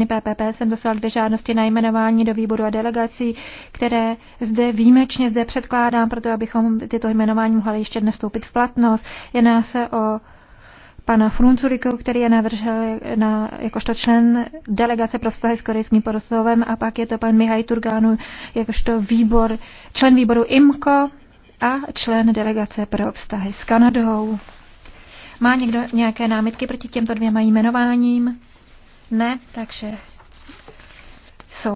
PPP jsem dostal dvě žádnosti, na jmenování do výboru a delegací, které zde výjimečně zde předkládám, proto abychom tyto jmenování mohli ještě dnes v platnost. Jedná se o pana Fruncuriku, který je navržel na, jakožto člen delegace pro vztahy s korejským porostovem a pak je to pan Mihaj Turgánu jakožto výbor, člen výboru IMKO a člen delegace pro vztahy s Kanadou. Má někdo nějaké námitky proti těmto dvěma jmenováním? Ne, takže